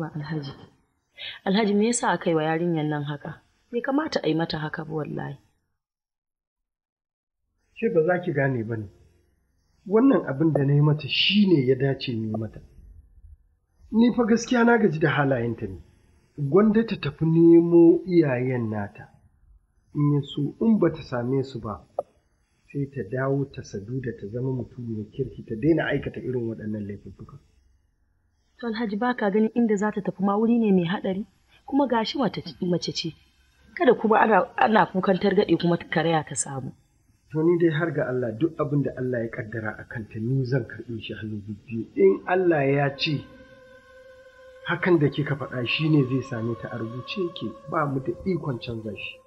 alhaji alhaji me yasa aka yi wa yarinyar nan haka Me kamata a yi mata haka ba wallahi ke ba za ki gane ba ne wannan abin da na yi mata shi ne ya dace ni mata ni fa gaskiya na gaji da halayenta ne gwanda ta tafi nemo iyayen nata in ya so in ba ta same su ba sai ta dawo ta sadu da ta zama mutum mai kirki ta daina aikata irin waɗannan laifuffuka. To Alhaji ba ka ganin inda za ta tafi ma wuri ne mai haɗari kuma gashi mm. mace ce. Kada kuma ana kukan targaɗe kuma karaya ta samu. To ni dai har ga Allah duk abin da Allah ya kaddara a kanta ni zan karɓi shi hannu biyu. In Allah ya ce hakan da kika faɗa shi ne zai same ta a rubuce yake ba mu da ikon canza shi.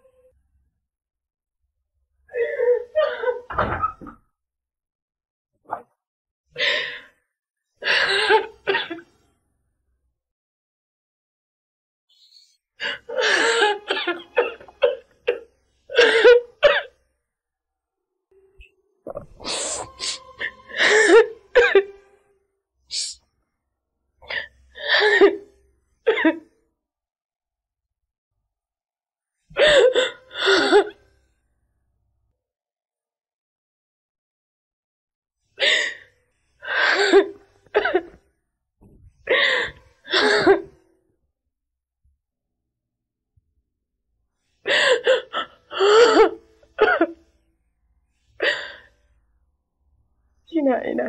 ina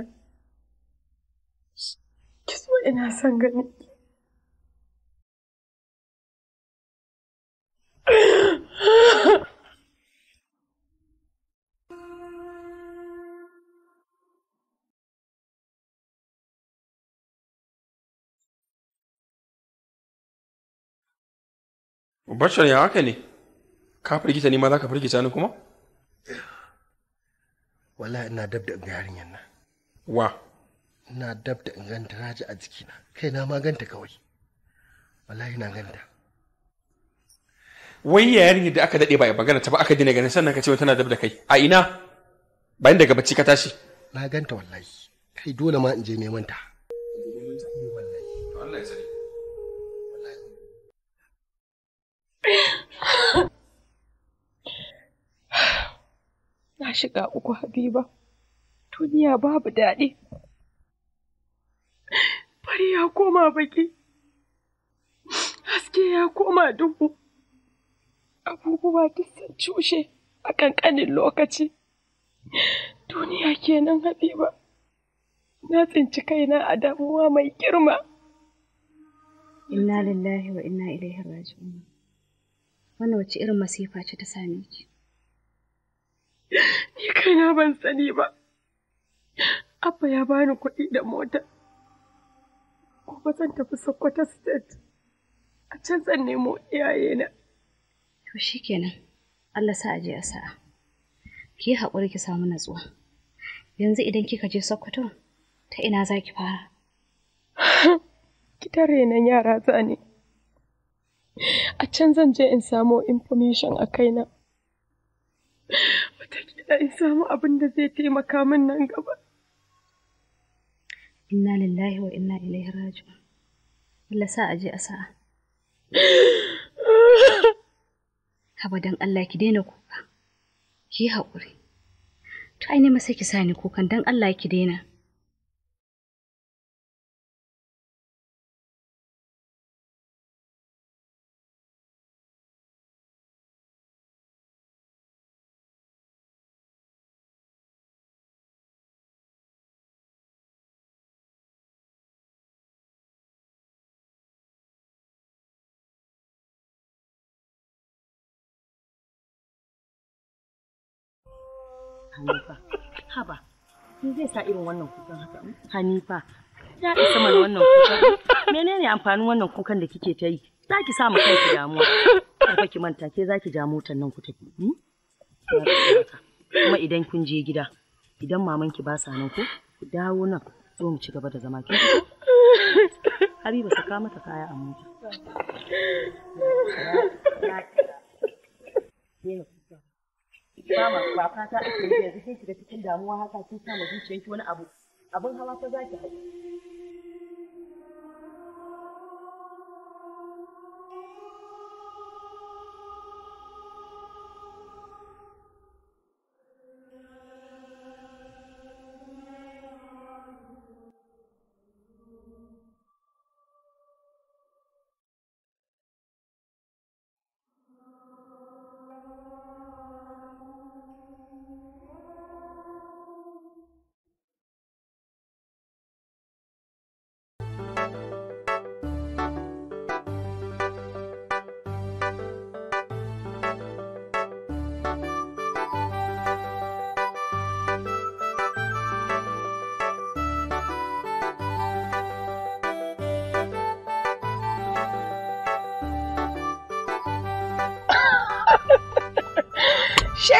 ki zo ina son ganin ki Bashar ya haka ne, ka firgita ni ma za ka firgita ni kuma? Wallahi ina dab da yarinyar nan. wa ina dab da in ganta na ji a jikina kai na ma ganta kawai wallahi na ganta wai yayin da aka dade ba magana ta ba aka dina ganin sannan ka ce tana dab da kai a ina bayan daga bacci ka tashi na ganta wallahi kai dole ma in je neman ta na shiga uku habiba duniya babu daɗi. Fari ya koma baki, haske ya koma duhu, abubuwa duk sun cushe a ƙanƙanin lokaci. Duniya kenan Habiba, na tsinci kaina a damuwa mai girma. Inna lillahi wa inna ilaihi raji'un. Wannan wace irin masifa ce ta same ki? Ni kaina ban sani ba. Abba ya bani kuɗi da mota. Gobe zan tafi Sokoto State. A can zan nemo iyayena. To shi kenan, Allah sa a a sa'a. Ki yi haƙuri ki samu natsuwa. Yanzu idan kika je Sokoto, ta ina za ki fara? Ki tare nan yara za ne. A can zan je in samo information a kaina. Wataƙila in samu abin da zai taimaka min nan gaba. inna lillahi wa inna ilaihi raji'un Allah sa aje a sa'a haba dan Allah ki daina kuka ki haƙuri to ai ne ma sai ki sa ni kukan dan Allah ki daina ni zai sa irin wannan kukan haka hanifa ta isa mana wannan kukan menene amfanin wannan kukan da kike ta yi za ki sa mu kanki damuwa kuma ki manta ke za ki ja motar nan ku tafi hmm? kuma idan kun je gida idan mamanki ba sa nan ku dawo nan zo mu ci gaba da zama kin Habiba saka mata kaya a mota. mama ba fata ake yi yanzu kin shiga cikin damuwa haka kin sa ma zuciyarki wani abu abin hawa fa zaki haɗu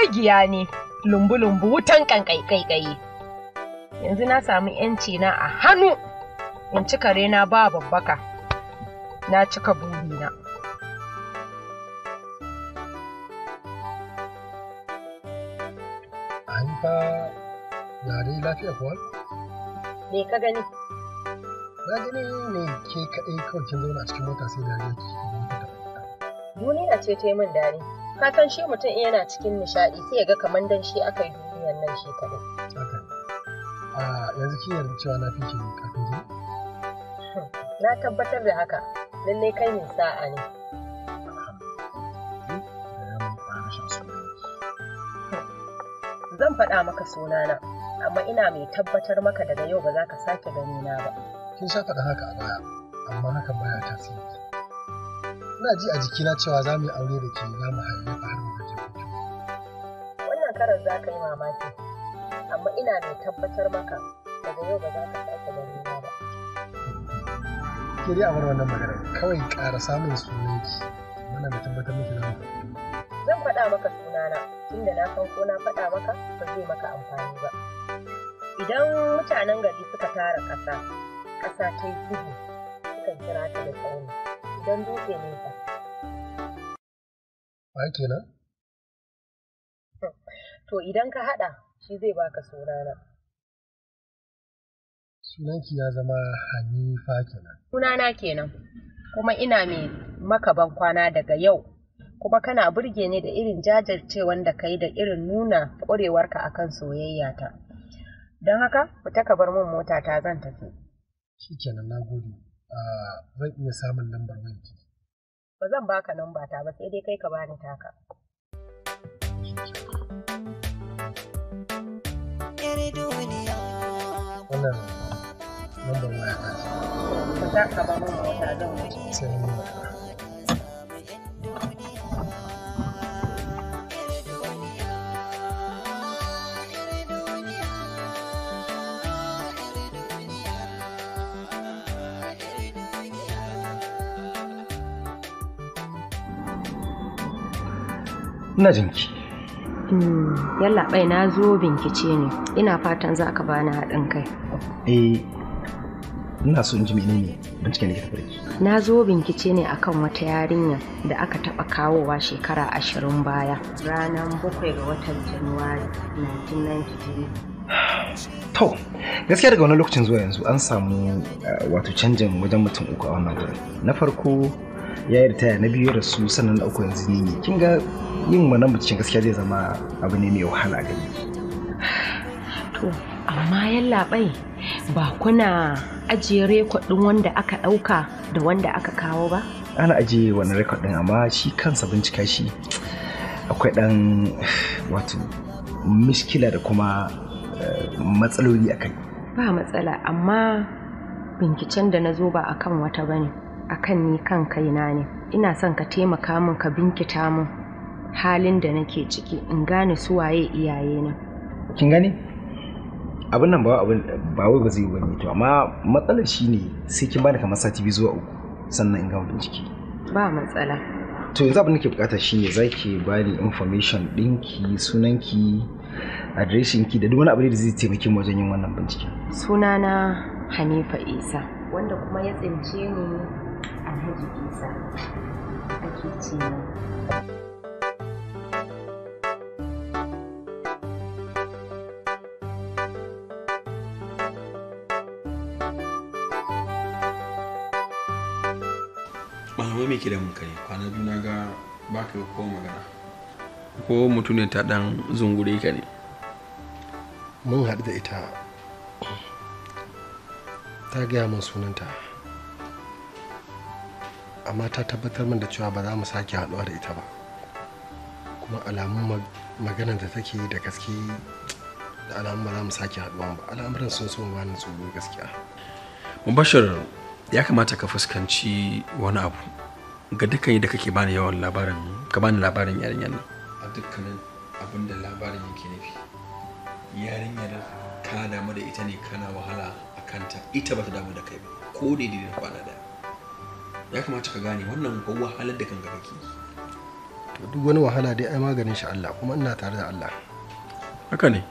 giya ne lumbu-lumbu wutan kankai yanzu na samu yanci na a hannu in cika rena ba babbaka na cika burina an fa na lafiya kuwa me ka gani na gani ne ke kaɗai kawai kin zauna a cikin mota sai dariya ki duniya ce ta yi min dare. ka san shi mutum in yana cikin nishaɗi sai ya ga kamar dan shi aka yi duniyar nan shi kaɗai. a yanzu kin yarda cewa na fi ki kafin ji? Hmm, na tabbatar da haka lallai kai ne sa'a ne. Hmm, zan faɗa maka sunana, amma ina mai tabbatar maka daga yau ba za ka sake ganina ba. Kin sha faɗa haka a baya, amma hakan baya tasiri. ina ji a jikina cewa za mu yi aure da ke za mu da har mu gaje wannan karar za ka yi mamaki amma ina mai tabbatar maka daga yau ba za ka sake gani ba ke dai a bar wannan magana kawai ƙara samun sunanki mana mai tabbatar miki za mu zan faɗa maka sunana tunda na san ko na faɗa maka ba zai maka amfani ba idan mutanen gari suka tara ƙasa ƙasa ta yi gudu sukan kira ta da tsauni. don dutse ne ba kenan? To idan ka haɗa shi zai baka sunana. Sunanki ya zama Hanifa kenan. Sunana kenan. Kuma ina mai makaban kwana daga yau. Kuma kana burge ni da irin jajircewan da ka yi da irin nuna ƙwarewarka akan soyayya ta. Don haka, fita ka bar min motata zan tafi. Shi kenan na gode. Ah, zan iya samun lambar wanki. ba zan baka lamba ta ba sai dai kai ka bani taka wannan lambar waya ta ba mun wata zan wuce ina jinki hmm, yalla bai na zo binkice ne ina fatan za ka bani haɗin kai eh ina so in ji ne binciken da ke tafi da na zo binkice ne akan wata yarinya da aka taɓa kawowa shekara ashirin baya ranar bakwai ga watan januwari 1993 to gaskiya daga wani lokacin zuwa yanzu an samu eh, wato canjin wajen mutum uku a wannan na farko ya yi ritaya na biyu rasu sannan uku yanzu ne ne kin ga yin wannan bikin gaskiya zai zama abu ne mai wahala gani to amma yallaɓai ba kuna ajiye rekodin wanda aka ɗauka da wanda aka kawo ba ana ajiye wani rekodin amma shi kansa bincika shi akwai ɗan wato miskila da kuma eh, matsaloli akai ba matsala amma binkicen da na zo ba akan wata bane akan ni kan kaina ne ina son ka taimaka min ka binkita min halin da nake ciki in gane su waye iyaye na kin gane abin nan ba ba wai ba zai bane to amma matsalar shine sai kin bani kamar sati biyu zuwa uku sannan in ga bincike ba matsala to yanzu abin da ke bukata shine zaki bani information dinki sunanki adireshinki da duk wani abu da zai taimake mu wajen yin wannan bincike sunana Hanifa Isa wanda kuma ya tsince ni alhaji isa ake ce Mahama me ke da mun kai kwana biyu na ga ba ka ko magana. Ko mutum ne ta dan zungure ka ne. Mun haɗu da ita ta gaya min sunanta. amma ta tabbatar min da cewa ba za mu sake haɗuwa da ita ba kuma alamun maganar da take da gaske da alamun ba za mu sake haɗuwa ba al'amuran sun so ba ni tsoro gaskiya mubashir ya kamata ka fuskanci wani abu ga dukkan da kake bani yawan labarin ka bani labarin yarinyar nan a dukkanin abin da labarin yake nufi yarinyar ka damu da ita ne kana wahala a kanta ita ba ta damu da kai ba ko daidai da kwana daya ya kamata ka gane wannan ko wahalar da kanka kake to duk wani wahala dai ai maganin shi Allah kuma ina tare da Allah haka ne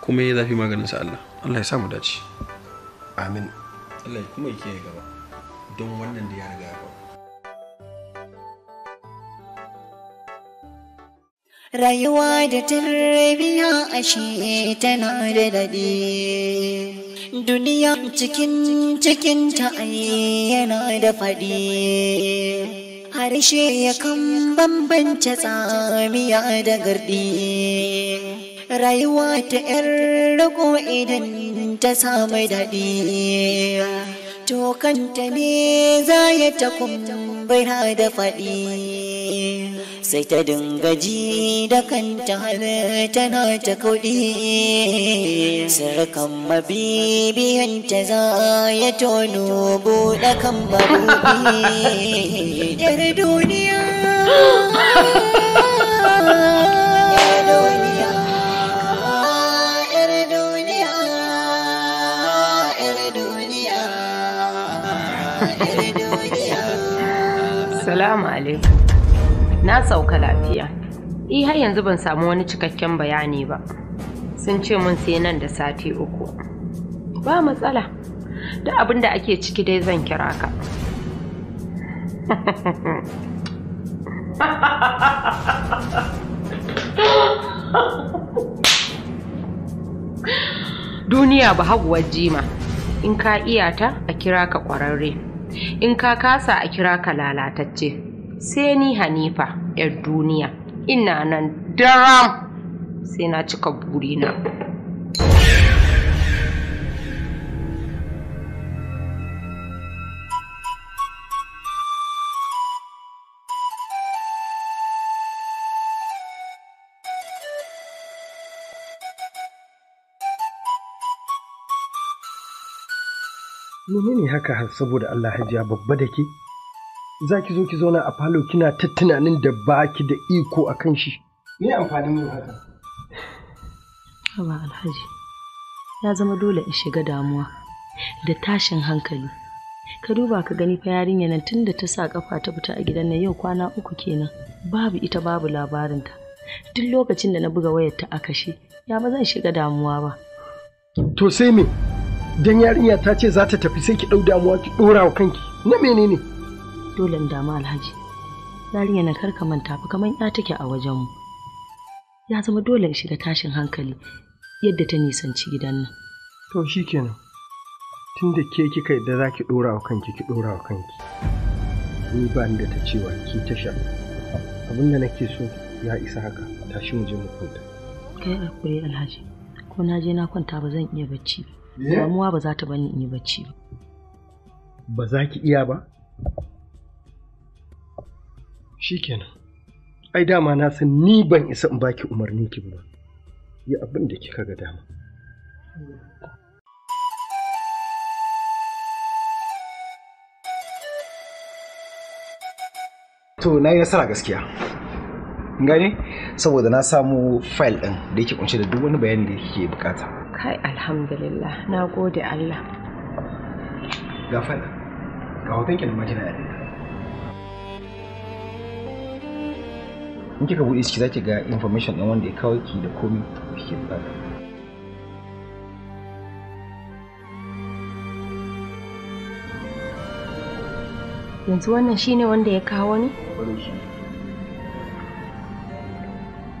kuma ya zafi maganin sa Allah Allah ya samu dace amin Allah kuma yake gaba don wannan da ya riga ya faru rayuwa da tarbiya ashe tana da daɗi duniya cikin cikin ta yana da faɗi harshe ya kan bambanta tsamiya da gardi rayuwa ta 'yar rago idan ta samu daɗi to kanta ne za ya ta kumbura da faɗi sai ta dinga ji da kanta tana ta kuɗi sarkan mabibiyanta za ya tono buɗe kan mabuɗi duniya Salamu alaikum. na sauka lafiya eh har yanzu ban samu wani cikakken bayani ba sun ce mun sai nan da sati uku ba matsala da abin da ake ciki dai zan kira ka duniya ba haguwar jima in ka iyata a kira ka kwararre in ka kasa a kira ka lalatacce sai ni hanifa yar duniya ina nan daram sai na cika burina ne haka saboda Allah hajiya babba da ke za ki zo ki zauna a falo kina ta tunanin da baki da iko a kan shi me amfanin yin haka Haba Alhaji ya zama dole in shiga damuwa da tashin hankali ka duba ka gani fa yarinya nan da ta sa kafa ta fita a gidan nan yau kwana uku kenan babu ita babu labarinta duk lokacin da na buga wayar ta a kashe ya ba zan shiga damuwa ba to sai me dan yarinya ta ce za ta tafi sai ki ɗau damuwa ki ɗora wa kanki na menene dole in damu alhaji yarinya na karka manta fa kamar ya take a wajenmu ya zama dole in shiga tashin hankali yadda ta nisanci gidan nan to shikenan tun da ke kika yadda za ki ɗora wa kanki ki ɗora wa kanki ni ba da ta cewa ki ta sha abinda nake so ya isa haka tashi mu je mu kwanta kai akwai alhaji ko na je na kwanta ba zan iya bacci ba damuwa ba za ta bani in yi bacci ba ba za ki iya ba Shikenan. Ai dama na san ni ban isa in baki umarni ki ba. Yi abin da kika ga dama. To na yi nasara gaskiya. Gane? Saboda na samu fayil ɗin da yake kunshi da duk wani bayani da yake bukata. Kai alhamdulillah na gode Allah. Ga fayil ga hoton kin majina majina in kika buɗe ciki zaki ga information ɗin wanda ya kawo ki da komai kike bukata yanzu wannan shine wanda ya kawo ni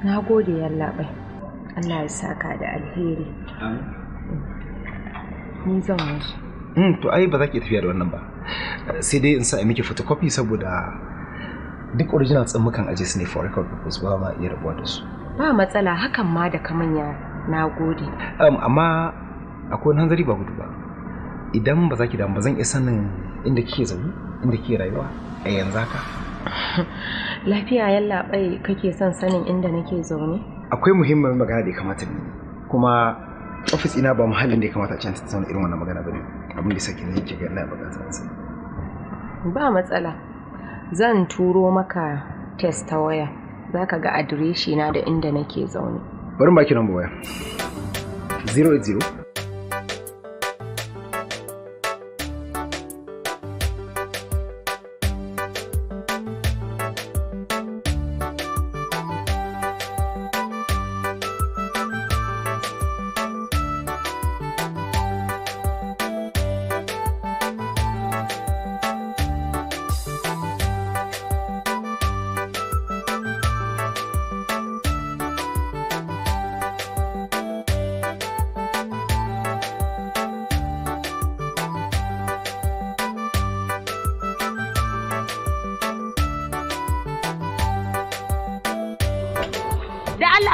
na gode yallaɓai allah ya saka da alheri ni zan wasu hmm, to ai ba za ki tafiya da wannan ba sai dai in sa miki photocopy saboda duk original tsin mukan aje su ne for record purpose ba ma iya rabuwa da su ba matsala hakan ma da kamanya na gode um, amma akwai wani hanzari ba gudu ba idan ba za ki damu ba zan iya sanin inda kike zaune inda kike rayuwa a yanzu haka lafiya yalla bai kake son sanin inda nake zaune akwai muhimmin magana da ya kamata ni kuma ofis ina ba muhallin da ya kamata a can ta irin wannan magana bane abin da sake ne kike ga ina ba. ba matsala zan turo maka test ta waya za ka ga adireshi na da inda nake zaune bari ba kiran waya 080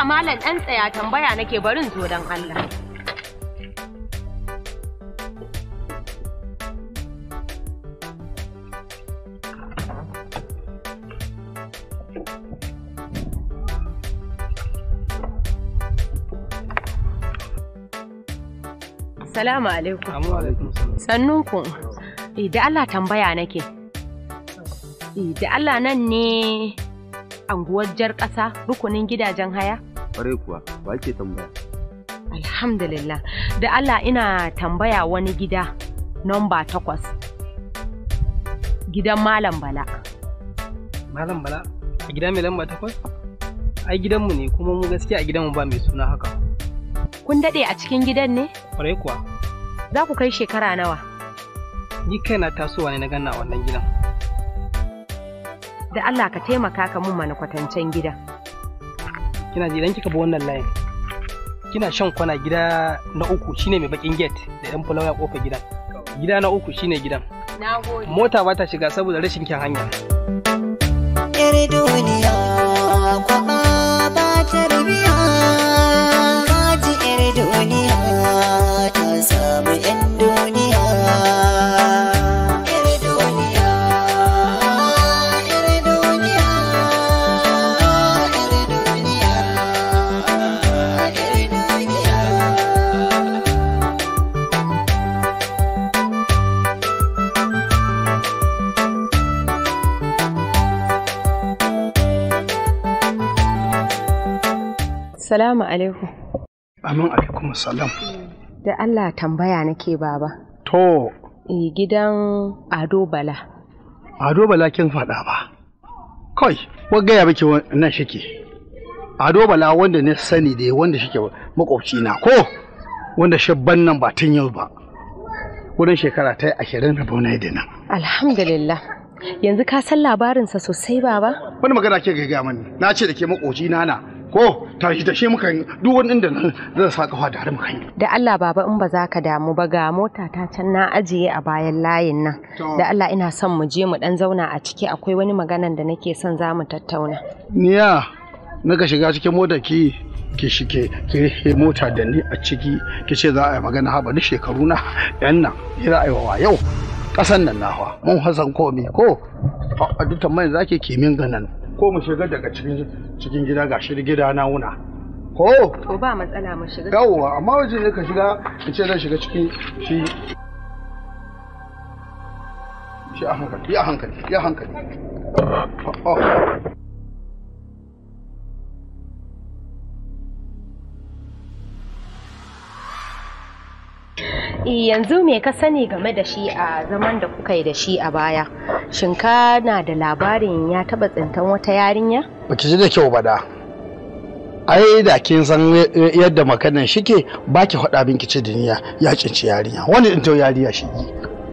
malam ɗan tsaya tambaya nake barin zo don Allah. Salamu alaikum. Sannunku, eh, da Allah tambaya nake. Eh, da Allah nan ne anguwar jar ƙasa rukunin gidajen haya? Kware kuwa, ba ke tambaya. Alhamdulillah, da Allah ina tambaya wani gida nomba takwas. Gidan Malam Bala. Malam Bala? A gida mai lamba takwas? Ai gidanmu ne kuma mu gaskiya a gidanmu ba mai suna haka. Kun daɗe a cikin gidan ne? Kware kuwa. Za ku kai shekara nawa? Ni kaina tasowa ne na ganna wannan gidan. Da Allah ka taimaka ka mun mana kwatancen gidan. kina ji idan kika bi wannan layin kina shan kwana gida na uku shine mai bakin gate da yan fulawa ya kofa gidan gida na uku shine gidan mota ba ta shiga saboda rashin kyan hanya yar duniya ba ta Salamu alaikum. Amin alaikum salam. Da Allah tambaya nake baba. To. E, gidan Ado Bala. Ado Bala kin faɗa ba. Kawai, wani gaya baki nan shike. Ado Bala wanda na sani da wanda shike makwabci na ko wanda shabban nan ba tun yau ba. Wurin shekara ta ashirin da bauna da nan. Alhamdulillah. Yanzu ka san labarinsa sosai baba? Wani magana ke gaya mani, na ce da ke makwabci na na ko tashi tashi duk wani inda zan sa kafa da mu kan da Allah baba in ba za ka damu ba ga mota ta can na ajiye a bayan layin nan da Allah ina son mu je mu dan zauna a ciki akwai wani maganan da nake son za mu tattauna niya naka shiga cikin mota ki ki shike ki mota da ni a ciki ki ce za a yi magana haba ni shekaru na yan nan za a yi wa yau kasan nan nawa mun hasan komi ko a duk tambayar zaki kimin ganan ko mu shiga daga cikin cikin gida ga shi gida na wuna ko to ba matsala mu shiga yawa amma waje ne ka shiga in ce zan shiga cikin shi shi a hankali ya hankali ya hankali oh. yanzu me ka sani game da shi a zaman da kuka yi da shi a baya shin ka na da labarin ya taba tsintan wata yarinya baki ji da kyau ba da ai da kin san yadda makanan shike baki faɗa min kici duniya ya cinci yarinya wani din tau yarinya shi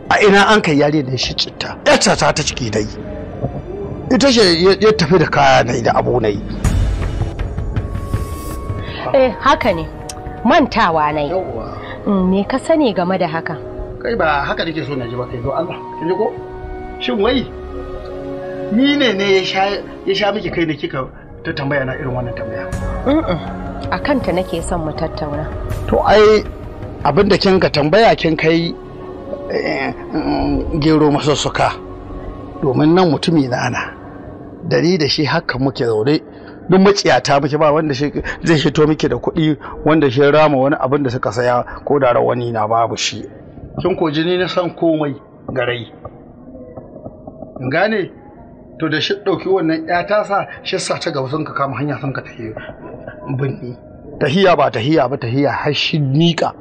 a ina an kai yarinya da shi citta yata ta ta ciki dai ita ce ya tafi da kaya na da abu na yi eh haka ne mantawa na yi Mm, me ka sani game da haka kai ba haka nake so na ji ba kai don Allah kin ji ko shin wai ni ne ne ya sha ya sha miki kai ne kika ta tambaya na irin wannan tambaya a kanta nake son mu tattauna to ai abin da kin ka tambaya kin kai eh, mm, gero masassuka domin nan mutumi na ana dari da shi haka muke zaune duk maciyata muke ba wanda zai hito miki da kuɗi wanda shi rama wani abin da suka saya ko da rawani na babu shi kin ko jini na san komai garai gane to da shi ɗauki wannan ya ta sa shi sa ta gaba sun ka kama hanya sun ka tafi binni tahiya ba tahiya ba tahiya har shi niƙa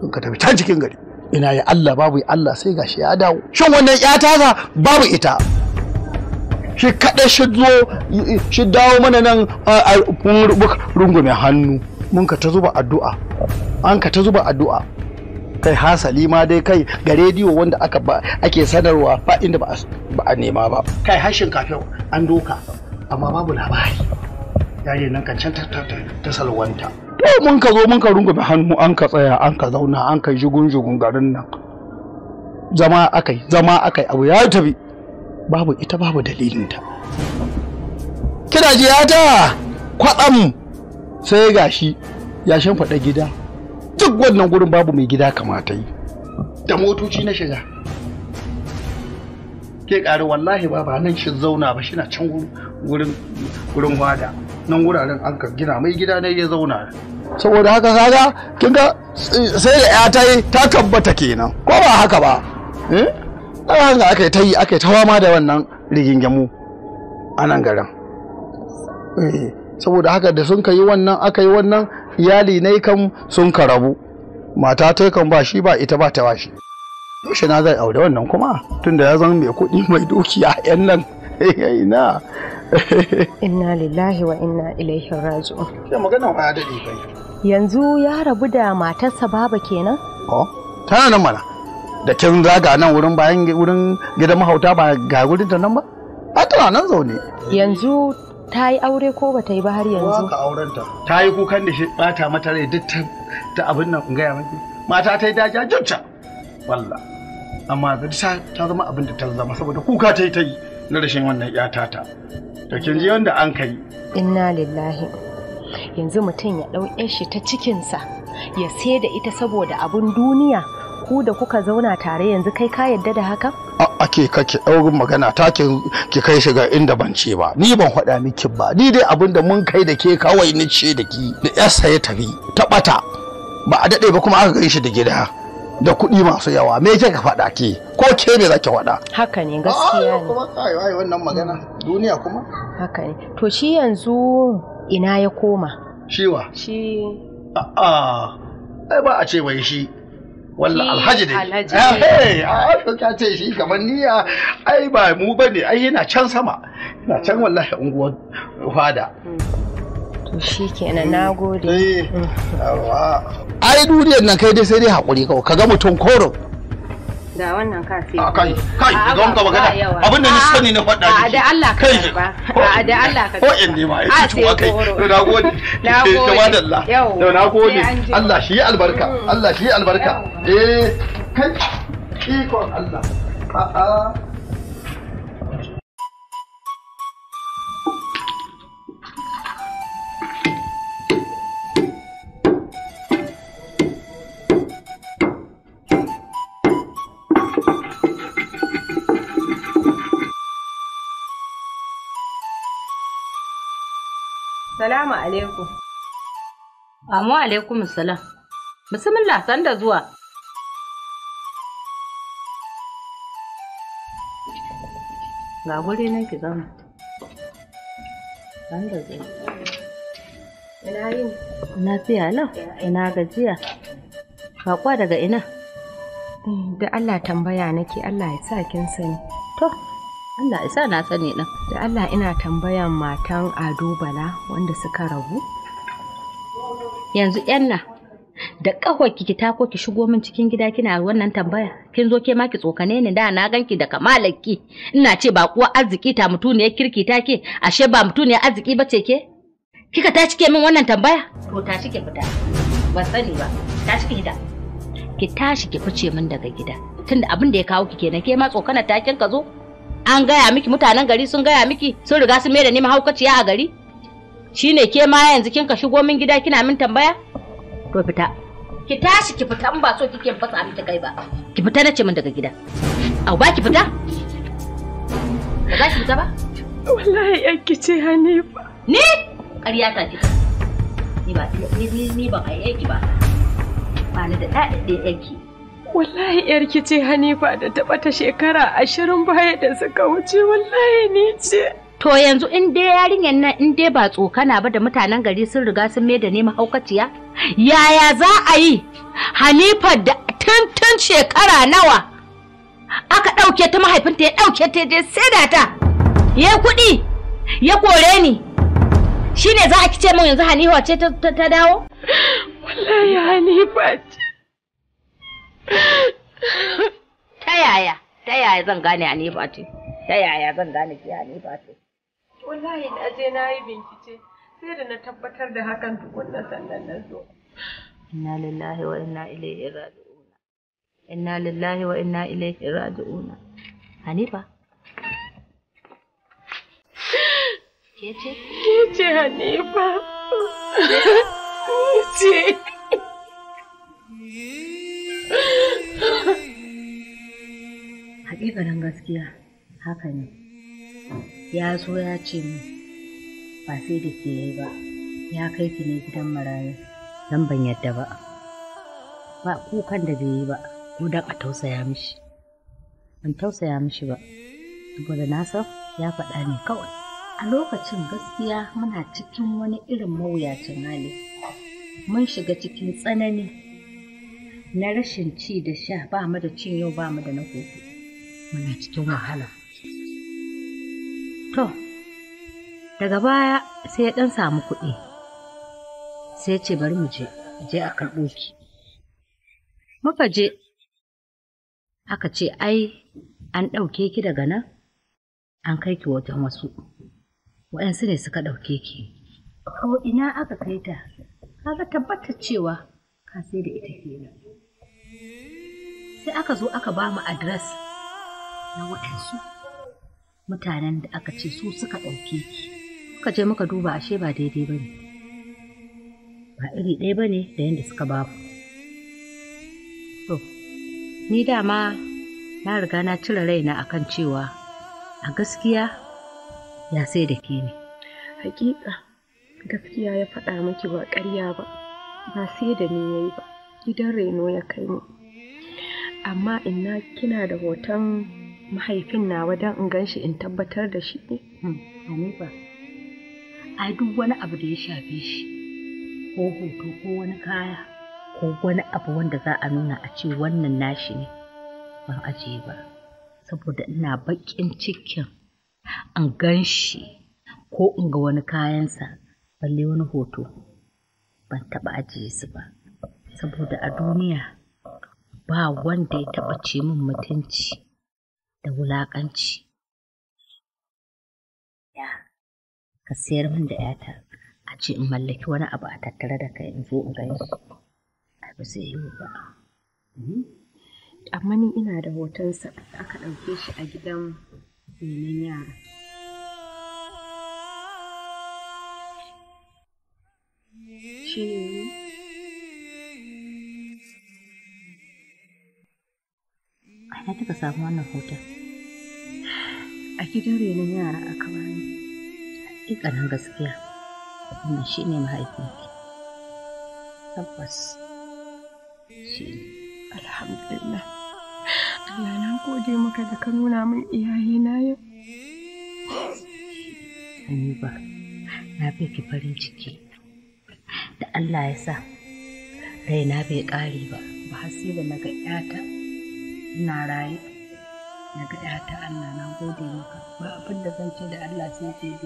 sun ka tafi can cikin gari ina ya Allah babu ya Allah sai gashi ya dawo shin wannan ya ta sa babu ita shi kaɗai shi zo shi dawo mana nan a rungume hannu mun ka ta zuba addu'a an ka ta zuba addu'a kai hasali ma dai kai ga rediyo wanda aka ba ake sanarwa ba inda ba a nema ba kai hashin kafin an doka amma babu labari yare nan kan can ta salwanta to mun ka zo mun ka rungume hannu an ka tsaya an ka zauna an ka jugun jugun garin nan zama akai zama akai abu ya tabi babu ita babu dalilinta kina ji ta kwaɗam sai gashi ya shimfiɗa gida duk wannan gurin babu mai gida kamata yi da motoci na shiga ke ƙari wallahi ba ba nan shi zauna ba shi na can gurin gurin wada nan wuraren an ka gina mai gida ne ya zauna saboda haka kaga kin ga sai da ya ta yi ta tabbata kenan ko ba haka ba eh ɗaya hanga aka yi ta yi aka yi ta wama da wannan rigingamu a nan garin eh, saboda haka da sun ka yi wannan aka yi wannan iyali na kan sun ka rabu mata ta kan ba shi ba ita ba ta ba shi yaushe na zai aure wannan kuma tunda ya zama mai kuɗi mai dukiya yan nan eh, ina inna lillahi wa inna ilaihi raji'un ya magana ba ya dade bai yanzu ya rabu da matarsa baba kenan oh tana nan mana da kin ga nan wurin bayan wurin gidan mahauta ba ga wurin ta nan ba a tana nan zaune yanzu ta yi aure ko ba ta yi ba har yanzu ka aurenta ta yi kukan da shi bata mata rai duk ta abin nan in gaya miki mata ta yi dajiya jinta walla amma ta ta zama abin da ta zama saboda kuka ta yi ta yi na rashin wannan ya tata to kin ji wanda an kai inna lillahi yanzu mutum ya dau shi ta cikinsa ya sai da ita saboda abun duniya ku da kuka zauna tare yanzu kai ka yadda da haka ake kake ɗaurin magana ta ki kai shiga inda ban ce ba ni ban faɗa miki ba ni dai abin da mun kai da ke kawai ni ce da ki da yarsa ya tafi ta ɓata ba a daɗe ba kuma aka gan shi da gida da kuɗi masu yawa me ke ka faɗa ke ko ke ne zaki faɗa haka ne gaskiya ne ah, kuma kai wai wannan magana duniya kuma haka ne to shi yanzu ina ya koma shiwa shi a'a ah, ah. ai ba a ce bai shi wallan eh, alhaji ne alhaji eh ka ce shi kamar niya ah, ai ba mu bane ai yana can sama yana can wallahi unguwar fada to shikenan nagode eh mm. ai duniyar nan kai dai sai dai hakuri kawai kaga mutum koro Da wannan ka A kai, kai, ga wanka magana. Abin da ni na faɗa da Allah ka karba. A da Allah ka. Ko in ne ma ya ci tuwa kai. To na gode. Na gode. Da Yau. na gode. Allah shi yi albarka. Mm. Allah shi yi albarka. Eh, kai. Ikon Allah. A'a. alaikum. Amu alaikum salam. Bismillah san zuwa. Ga guri nan ki zama. San da zuwa. Ina yin? fiya lau, ina gajiya. Bakwa daga ina? Da Allah tambaya nake Allah ya sa kin sani. To, Allah isa na sani din. Da Allah ina tambayan matan Ado Bala wanda suka rabu. Yanzu yanna da kawai ki ta ko ki shigo min cikin gida kina wannan tambaya kin zo ke ma ki tsokane ni da na ganki da kamalarki ina ce ba kuwa arziki ta mutu ne kirki ta ke ashe ba mutu ne arziki ba ce ke kika tashi ke min wannan tambaya to tashi ke fita ban sani ba tashi ki gida ki tashi ki fice min daga gida tunda abin da ya kawo ki kenan ke ma tsokana takin ka zo an gaya miki mutanen gari sun gaya miki sun riga sun mai da ni kaciya a gari shine ke ma yanzu kin ka shigo min gida kina min tambaya to fita ki tashi ki fita in ba so kike fasa a ta kai ba ki fita nace min daga gida au ba ki fita ba za ki fita ba wallahi yan ki ce Hanifa ni ƙarya ta ce ni ba ni ni ba ai yanki ba ba ni da ɗaɗe yanki wallahi yar kice hanifa da ta bata shekara ashirin baya da suka wuce wallahi ni ce to yanzu in dai yarinyar nan in dai ba tsokana ba da mutanen gari sun riga sun mai da ne haukaciya? yaya za a yi hanifa da tun shekara nawa aka ɗauke ta mahaifinta ya ɗauke ta je sai ta ya kuɗi ya kore ni shine za a kice min yanzu hanifa ce ta dawo wallahi hanifa ta yaya ta yaya zan gane a hanifa ce ta yaya zan gane a hanifa ce wallahi na je na yi bincike sai da na tabbatar da hakan tukunna sannan na zo inna lillahi wa inna ilaihi raji'un inna lillahi wa inna ilaihi raji'un hanifa ke ce ke ce hanifa ke ce Haƙiƙanin gaskiya haka ne, ya zo ya ce min ba sai da ke yi ba, ya kai ki ne gidan marayu don ban yadda ba. Ba kukan da bai yi ba, ko don a tausaya mishi. Ban tausaya mishi ba, saboda na ya faɗa ne kawai. A lokacin gaskiya muna cikin wani irin mawuyacin hali, mun shiga cikin tsanani na rashin ci da sha ba mu da cin yau ba mu da na gobe. muna cikin wahala to daga baya sai ya ɗan samu kuɗi sai ce bari mu je je a karɓo ki muka je aka ce ai an ɗauke ki daga nan an kai ki wajen wasu waɗansu ne suka ɗauke ki ko ina aka kai ta kaga tabbatar cewa ka sai da ita kenan sai aka zo aka ba mu adres na waɗansu mutanen da aka ce su suka ɗauke ki muka je muka duba ashe ba daidai ba ne ba iri ɗaya ba ne da yadda suka ku to ni dama na riga na cire raina a kan cewa a gaskiya ya sai da ke ne hakika gaskiya ya faɗa miki ba ƙarya ba ba sai da ni yayi ba gidan reno ya kai mu amma ina kina da hoton mahaifin na don in ganshi in tabbatar da shi ne? Hanifa, hmm, ai duk wani abu da ya shafe shi, ko hoto ko wani kaya, ko wani abu wanda za a nuna a ce wannan nashi ne, ban ajiye ba, saboda ina baƙin cikin an gan ko in ga wani kayansa, balle wani hoto, ban taɓa ajiye su ba, saboda a duniya ba wanda ya taɓa ce min mutunci. da wulaƙanci. Ya, ka sayar min da ‘yata a ce in mallaki wani abu a tattare da kai in zo in gani. Ai, ba zai yiwu ba. Hmm? Amma ni ina da hotonsa aka ɗauke shi a gidan menen yara. Shi ne ana taka samu wannan hoton a gidan renon yara aka bani hakikanin gaskiya wannan shi ne mahaifinki tabbas shi ne alhamdulillah Allah na gode maka da ka nuna min iyaye na yau ba na fi ki farin ciki da Allah ya sa na bai ƙare ba ba da na ga 'yata ina raye na ga ta Allah na gode maka ba abin da zan ce da Allah sai bi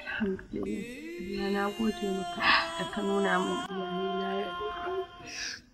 alhamdulillah na gode maka da ka nuna min iyayena